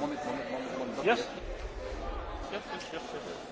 Moment, Moment, Moment, Moment. Yes. Yes, yes, yes, yes.